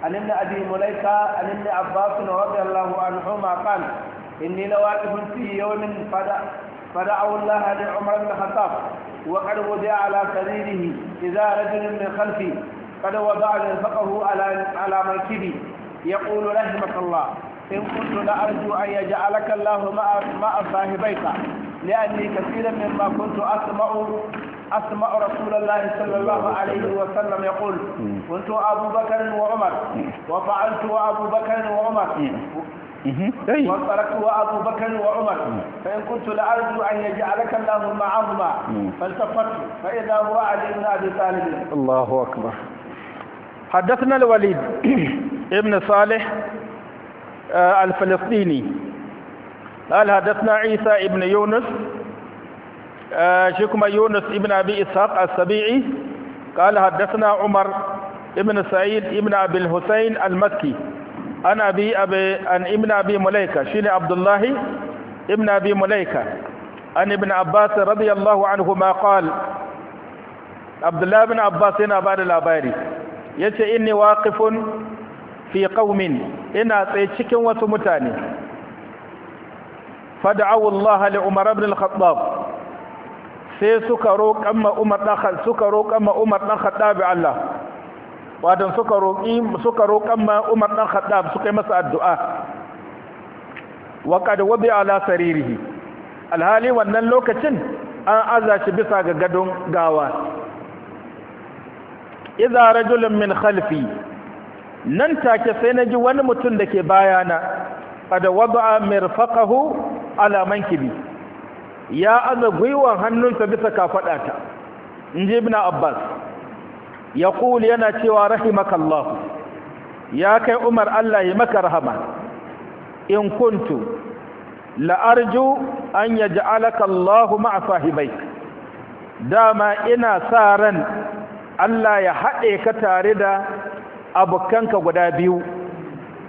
عن ابن ابي مليكه عن ابن عباس رضي الله عنهما قال اني لواقف في يوم فدعوا الله لعمر بن الخطاب وقد وضع على سريره إذا رجل من خلفي قد وضع رفقه على على مركبي يقول رحمك الله إن كنت لأرجو أن يجعلك الله مع مع صاحبيك لأني كثيرا مما كنت أسمع أسمع رسول الله صلى الله عليه وسلم يقول كنت أبو بكر وعمر وفعلت أبو بكر وعمر وانطلقت إيه. طيب. وابو بكر وعمر فان كنت لارجو ان يجعلك الله معهما فالتفت فاذا هو علي بن ابي طالب الله اكبر حدثنا الوليد ابن صالح آه، الفلسطيني قال حدثنا عيسى ابن يونس آه، شكما يونس ابن أبي إسحاق السبيعي قال حدثنا عمر ابن سعيد ابن أبي الحسين المكي ana bi abe an ibn abi mulaika shine abdullahi ibn abi mulaika an ibn abbas radiyallahu anhu ma ibn abbas yana bada labari yace inni waqifun fi qaumin ina tsaye cikin wasu mutane fad'u Allah li Umar ibn al-Khattab sai suka roƙan ma Umar dan suka roƙan ma Umar dan Khattab Allah wato suka roƙi suka roƙan ma Umar dan Khattab suka yi masa addu'a wa da wabi ala saririhi alhali wannan lokacin an aza shi bisa ga gadon gawa idza rajulun min khalfi nan take sai na ji wani mutum da ke bayana da wada mirfaqahu ala mankibi ya aza gwiwan hannunsa bisa kafaɗata in ji abbas ya kuli yana cewa rahimakallahu ya kai umar Allah ya maka rahama in kuntu la'arju an yaj'alaka Allahu ma'a sahibai dama ina sa ran Allah ya haɗe ka tare da abokanka guda biyu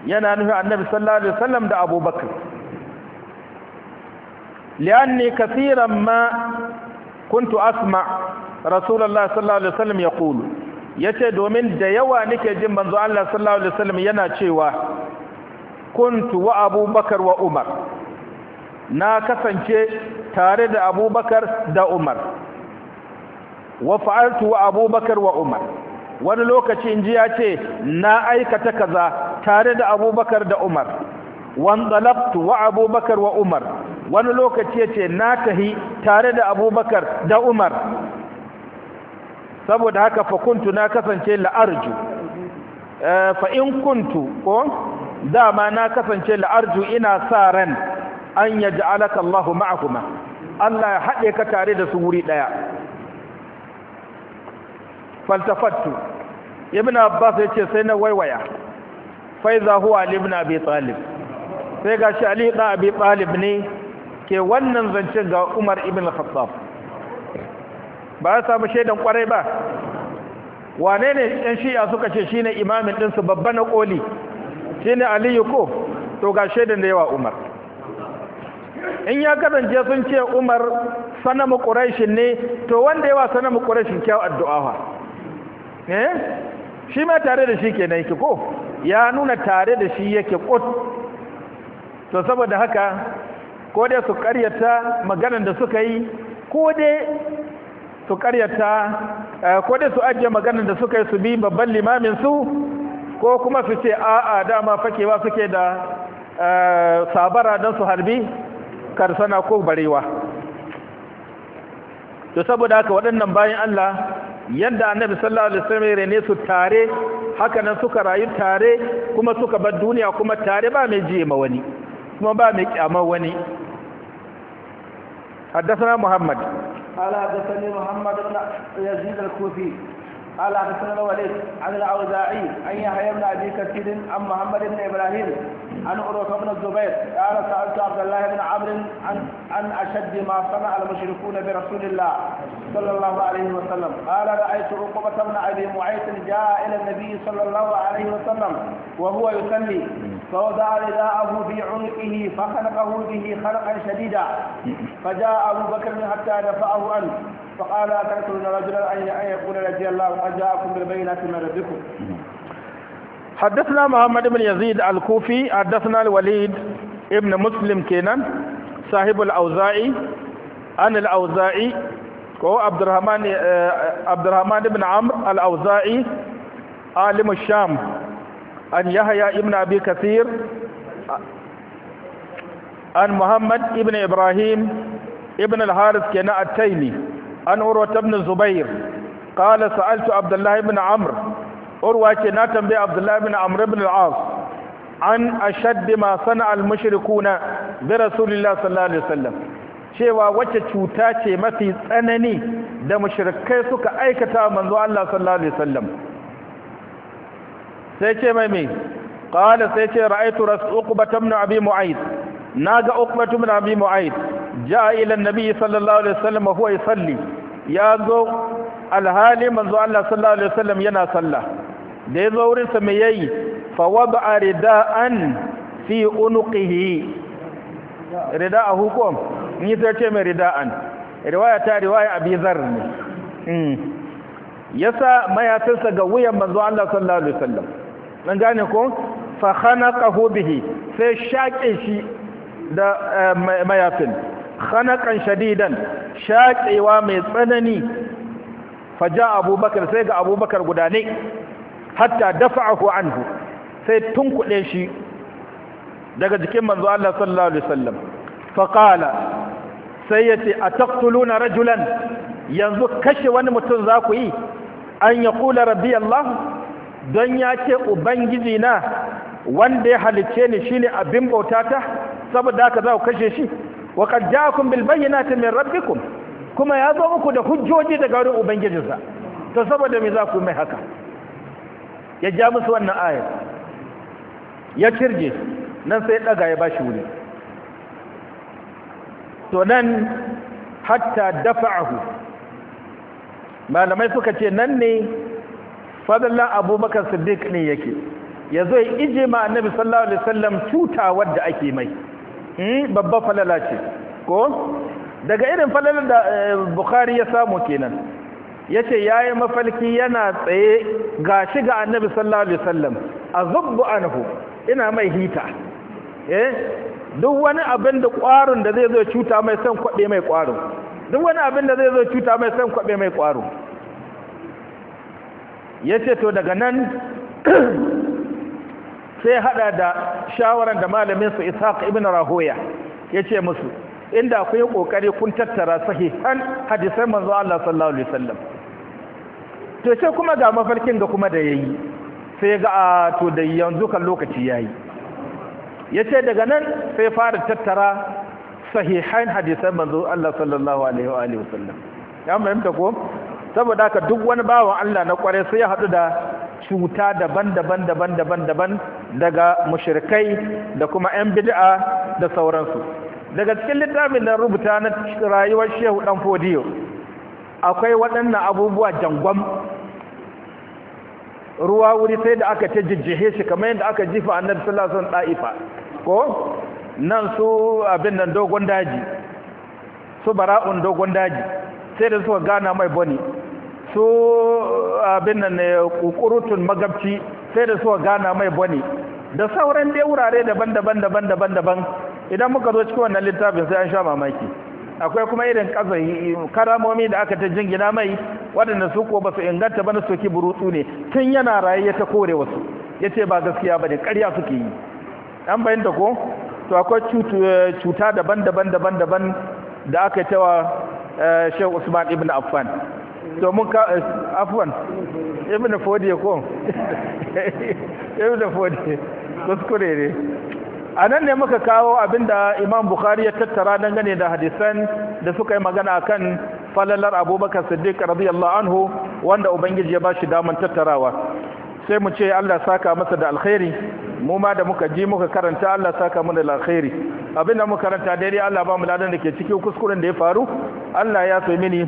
yana nufin annabi sallallahu alaihi wasallam da abubakar lianni kasiran ma kuntu asma' rasulallah sallallahu alaihi wasallam yaqulu Ya ce domin da yawa nike jin manzo Allah sallallahu alaihi wasallam yana cewa kuntu wa abubakar wa umar na kasance tare da abubakar da umar wa fa'altu wa abubakar wa umar wani lokaci inji ya ce na aikata kaza tare da abubakar da umar wanzalabtu wa abubakar wa umar wani lokaci ya ce na tahi tare da abubakar da umar saboda haka fa kuntu na kasance la'arju eh, fa kuntu ko dama na kasance la'arju ina sa ran an yaj'alaka Allahu ma'ahuma Allah ya haɗe ka tare da su wuri ɗaya faltafattu ibn abbas ya ce sai na waiwaya faiza huwa ibn abi talib sai ga shi ali da abi talib ne ke wannan zancen ga umar ibn khattab ba ya samu shaidan kwarai ba wane ne yan shi'a suka ce shine imamin ɗinsu babba na ƙoli shine aliyu ko to ga shaidan da yawa umar in ya kasance sun ce umar sanamu ƙurashin ne to wanda yawa sanamu ƙurashin kyau addu'awa eh shi ma tare da shi ke nan yake ko ya nuna tare da shi yake ƙut to saboda haka ko dai su karyata maganan da suka yi ko dai su karyata eh, ko dai su ajiye maganar da suka yi su bi babban limamin su ko kuma su ce a'a dama fakewa suke da eh, sabara don su harbi karsana ko barewa to saboda haka waɗannan bayan Allah yadda annabi sallallahu alaihi wasallam rene su tare haka nan suka rayu tare kuma suka bar duniya kuma tare ba mai jiye wani kuma ba mai kyamar wani حدثنا Muhammad. قال حدثني محمد بن يزيد الكوفي قال حدثنا الوليد عن الاوزاعي عن يحيى بن ابي كثير عن محمد بن ابراهيم عن عروه بن الزبير قال سالت عبد الله بن عمرو عن عن اشد ما صنع المشركون برسول الله صلى الله عليه وسلم قال رايت عقبه بن ابي معيط جاء الى النبي صلى الله عليه وسلم وهو يصلي فوضع رداءه في عنقه فخنقه به خنقا شديدا فجاء ابو بكر حتى دفعه عنه فقال لا رجلا أن يقول رجل الله قد جاءكم بالبينات من ربكم حدثنا محمد بن يزيد الكوفي حدثنا الوليد ابن مسلم كينان صاحب الأوزاعي عن الأوزاعي هو عبد الرحمن آه، عبد الرحمن بن عمرو الأوزاعي عالم الشام عن يحيى ابن أبي كثير عن محمد ابن إبراهيم ابن الحارث كنا التيمي an urwata ibn zubair qala sa'altu abdullahi ibn amr urwa ce na tambaye abdullahi ibn amr ibn al-as an ashaddi ma sana al-mushrikuna bi rasulillah sallallahu alaihi wasallam cewa wacce cuta ce mafi tsanani da mushrikai suka aikata manzo Allah sallallahu alaihi wasallam sai ce mai me qala sai ce ra'aytu uqbat ibn abi mu'ayth naga uqbat ibn abi mu'ayth jaa ila an-nabi sallallahu alaihi wasallam huwa yusalli ya zo alhali manzo Allah sallallahu alaihi wasallam yana sallah da ya zo wurin sa mai yayi fa wada'a rida'an fi unuqihi ridaa hukum ni sai ce mai rida'an riwaya ta riwaya abi zar ne hmm. yasa mayatinsa ga wuyan manzo Allah sallallahu alaihi wasallam dan gane ko fa khanaqahu bihi sai shaƙe shi da eh, mayafin khanakan shadidan shaƙewa mai tsanani faja abubakar sai ga abubakar guda ne hatta dafa'ahu anhu sai kuɗe shi daga jikin manzo Allah sallallahu alaihi wasallam Faƙala sai yace taktuluna rajulan yanzu kashe wani mutum za ku yi an yaqula rabbi Allah don ya ce ubangiji na wanda ya halice ni shine abin bautata saboda haka za ku kashe shi wa qad ja'akum bil bayyinati min rabbikum kuma ya zo muku da hujjoji daga wurin ubangijinsa to saboda me za ku mai haka ya ja musu wannan ayar ya kirje nan sai daga ya bashi wuri to nan hatta dafa'ahu malamai suka ce nan ne fadlan abubakar siddiq ne yake ya zo ya ije ma annabi sallallahu alaihi wasallam cuta wadda ake mai Hmm? babba falala ce ko daga irin falalar da eh, bukhari ya samu kenan ya ce ya yi mafalki yana tsaye ga shiga annabi sallallahu alaihi wasallam a zubbu anhu ina mai hita eh duk wani abin da ƙwarin da zai zo cuta mai son kwaɓe mai kwaro duk wani abin da zai zo cuta mai san kwaɓe mai kwaro ya ce to daga nan sai hada da shawaran da malamin su ishaq ibn rahoya yace musu inda ku yi kokari kun tattara sahihan hadisan manzo Allah sallallahu alaihi wasallam to sai kuma ga mafarkin da kuma da yayi sai ga a to da yanzu kan lokaci yayi yace daga nan sai fara tattara sahihan hadisan manzo Allah sallallahu alaihi wa alihi wasallam ya mai mutako saboda haka duk wani bawan Allah na kware sai ya haɗu da cuta daban-daban daban-daban daban daga mushrikai da kuma ƴan bid'a da sauransu daga cikin littafin da rubuta na rayuwar shehu dan fodiyo akwai waɗannan abubuwa jangon ruwa wuri sai da aka ta jijjihe shi kamar yadda aka jifa annabi sallallahu alaihi wasallam da'ifa ko nan su abin nan dogon daji su bara'un dogon daji sai da suka gana mai boni su eh, abin nan kukurutun magabci sai da suka gana mai bane da sauran dai wurare daban-daban daban-daban daban idan muka zo cikin wannan littafin sai an sha mamaki akwai kuma irin kazai karamomi da aka ta jingina mai waɗanda su ko ba su inganta ba na soki burutsu ne tun yana raye ya ta kore wasu ya ce ba gaskiya ba ne ƙarya suke yi an bayanta ko to akwai eh, cuta daban-daban daban-daban da aka yi tawa eh, shehu usman ibn affan mun ka eh, afwan ibn fodi ko ibn fodi kuskure ne a nan ne muka kawo abinda imam bukhari ya tattara dangane da hadisan da suka yi magana kan falalar abubakar siddiq radiyallahu anhu wanda ubangiji ya bashi daman tattarawa sai mu ce Allah saka masa da alkhairi mu ma da muka ji muka karanta Allah saka mu da alkhairi abinda muka karanta daidai Allah ba mu ladan da ke cikin kuskuren da ya faru Allah ya so mini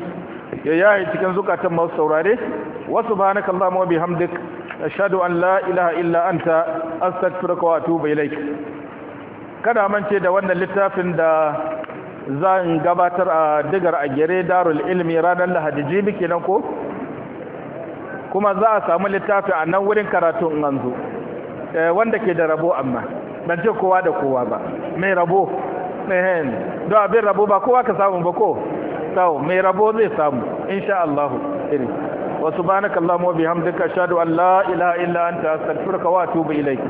ya yaye cikin zukatan masu saurare wa subhanaka allahumma wa bihamdik ashhadu an la ilaha illa anta astaghfiruka wa atubu ilaik kada mance da wannan littafin da zan gabatar a digar a gere darul ilmi ranar lahadi jibi kenan ko kuma za a samu littafi a nan wurin karatu in an zo eh, wanda ke da rabo amma ban ce kowa da kowa ba mai rabo don abin rabo ba kowa ka samu ba ko yastaw mai rabo zai samu insha Allah irin wa subhanakallahumma wa bihamdika ashhadu an la ilaha illa anta astaghfiruka wa atubu ilayk